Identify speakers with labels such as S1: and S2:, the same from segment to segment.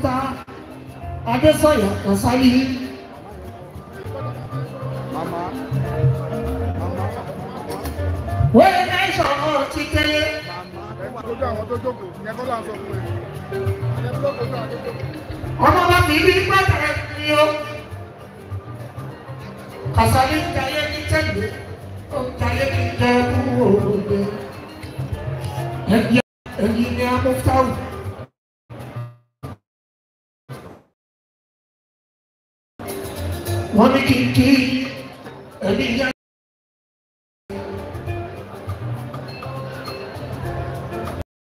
S1: Abẹ́òkúta Adésọ̀yà Ọ̀sálí. wọ́n yẹ náà sọ ọ̀rọ̀ ti kéré. ọmọ wa kì í bí pẹ́ẹ́tẹ̀rẹ́ ni o. Ọ̀sálí ń jayé ní tẹ́lẹ̀ ó ń jayé ní jẹ́ kúrò òde. ẹ̀yin ni a mú fáwọn. wọ́n ní kí n kí ẹni yá.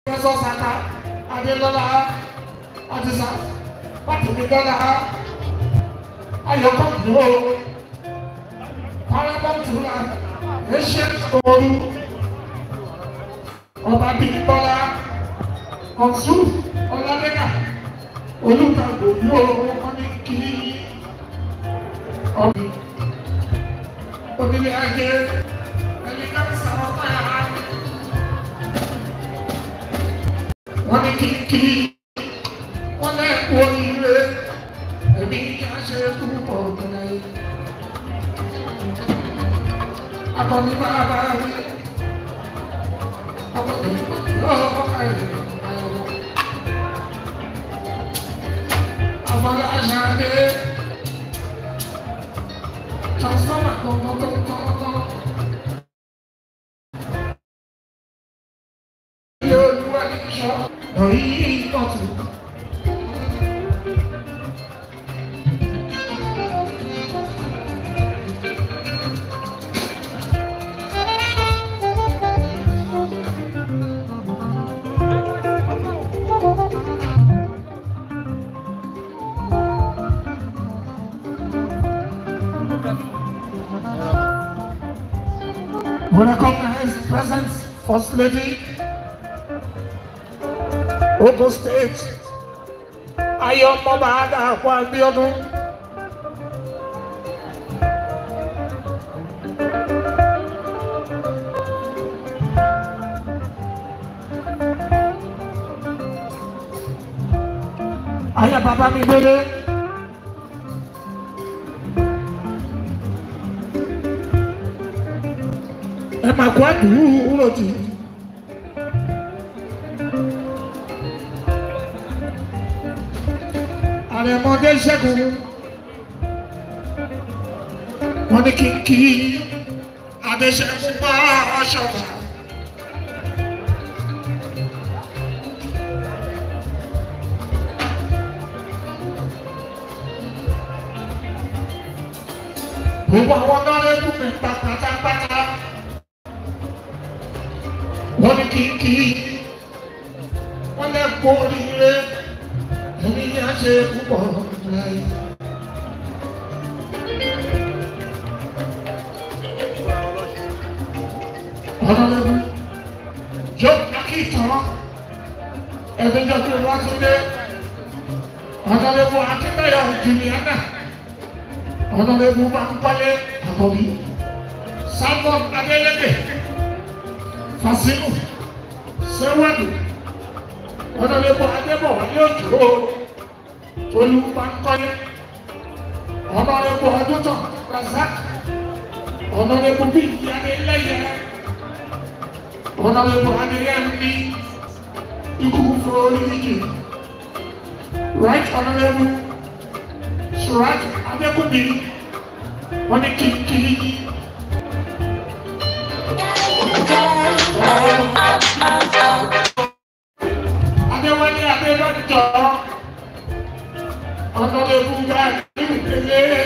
S1: Pẹ́sọ́ Saka Adélọ́lá Adisa Pàtùmídọ́lá Ayọ̀kọ̀dúró Parakọ̀dúrà Ẹ̀ṣẹ̀ Ooru Ọba Bímbọ́lá Ọ̀ṣun Ọlọ́dẹ́gà Olùkàgbò Dúró Ọmọdé Kìíní. وبالأجل فلنقص وطاعة وبذكره ونحوه وبه عشرته موطني أطلب أباه أطلب الله خيرا أمر أشهد transformer gangan. Ilé olúwa ní ìṣọ́, ọ̀rí ìkọ̀tù. We recognize the presence, First Lady, Ogun State, Ayọ̀mọ́ba Adàpọ̀ Abíọ́dún. Ayé bàbá mi gbélé. emakwatu unoti àrẹ̀mọdé ṣẹ́gun wọ́n ní kíkí adéṣẹ́gun bá aṣọ wà. gbogbo àwọn ọlọ́rẹ́ kúmi pátápátá. kìkì wọ́n lẹ́ kó oríire mo ní yá ṣe púpọ̀ láyé. ọlọ́lẹ́wọ́ yóò kí tán ẹ̀ẹ́dẹ́jọ́ tó wá tó dé ọlọ́lẹ́wọ́ akíndayọ̀ jùmíánà ọlọ́lẹ́wọ́ máa ń wálé àkọ́bí sábọ̀n adélẹ́gbẹ̀ fásinù sẹ́wọ́dù ọ̀nàmẹ́kọ̀ adébọ̀wálé òjò olùbánkọ́lé ọ̀nàmẹ́kọ̀ adótọ̀ razak ọ̀nàmẹ́kọ̀ bíi ìyáléláyà ọ̀nàmẹ́kọ̀ adéyẹ́mí ikúkú fúró oríyìn right ọ̀nàmẹ́kọ̀ surat adékùnbí wọ́n ní kíkiri. Oh, Thank you.